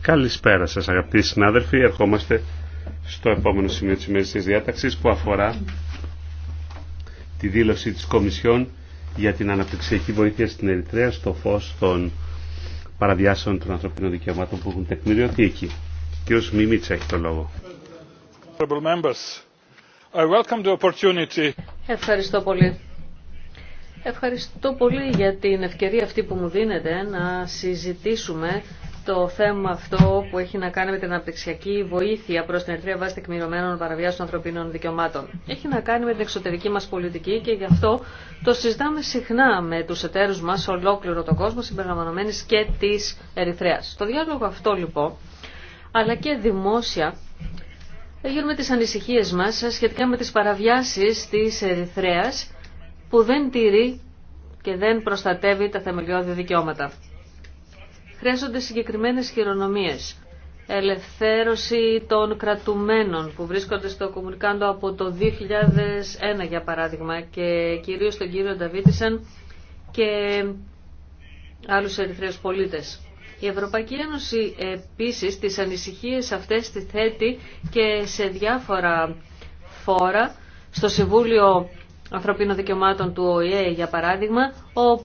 Καλησπέρα σας αγαπητοί συνάδελφοι. Ερχόμαστε στο επόμενο σημείο της ημέρας της διάταξης που αφορά τη δήλωση της Κομισιόν για την αναπτυξιακή βοήθεια στην Ερυθρέα στο φως των παραδιάσεων των ανθρωπίνων δικαιωμάτων που έχουν τεκμηριωθεί εκεί. Κύριος Μιμίτσα έχει το λόγο. Ευχαριστώ πολύ. Ευχαριστώ πολύ για την ευκαιρία αυτή που μου δίνετε να συζητήσουμε το θέμα αυτό που έχει να κάνει με την αναπτυξιακή βοήθεια προ την Ερυθρία βάση τεκμηριωμένων παραβιάσεων ανθρωπίνων δικαιωμάτων. Έχει να κάνει με την εξωτερική μα πολιτική και γι' αυτό το συζητάμε συχνά με του εταίρου μα σε ολόκληρο τον κόσμο, συμπεριλαμβανομένη και τη Ερυθρέα. Το διάλογο αυτό λοιπόν, αλλά και δημόσια, με τι ανησυχίε μα σχετικά με τι παραβιάσει τη Ερυθρέα που δεν τηρεί και δεν προστατεύει τα θεμελιώδη δικαιώματα. Χρειάζονται συγκεκριμένες χειρονομίες. Ελευθέρωση των κρατουμένων που βρίσκονται στο Κομμουνικάντο από το 2001 για παράδειγμα και κυρίως τον κύριο Νταβίτισαν και άλλους ερυθρέους πολίτες. Η Ευρωπαϊκή Ένωση επίσης τις ανησυχίες αυτές τη θέτει και σε διάφορα φόρα στο Συμβούλιο ανθρωπίνων δικαιωμάτων του ΟΗΕ, για παράδειγμα,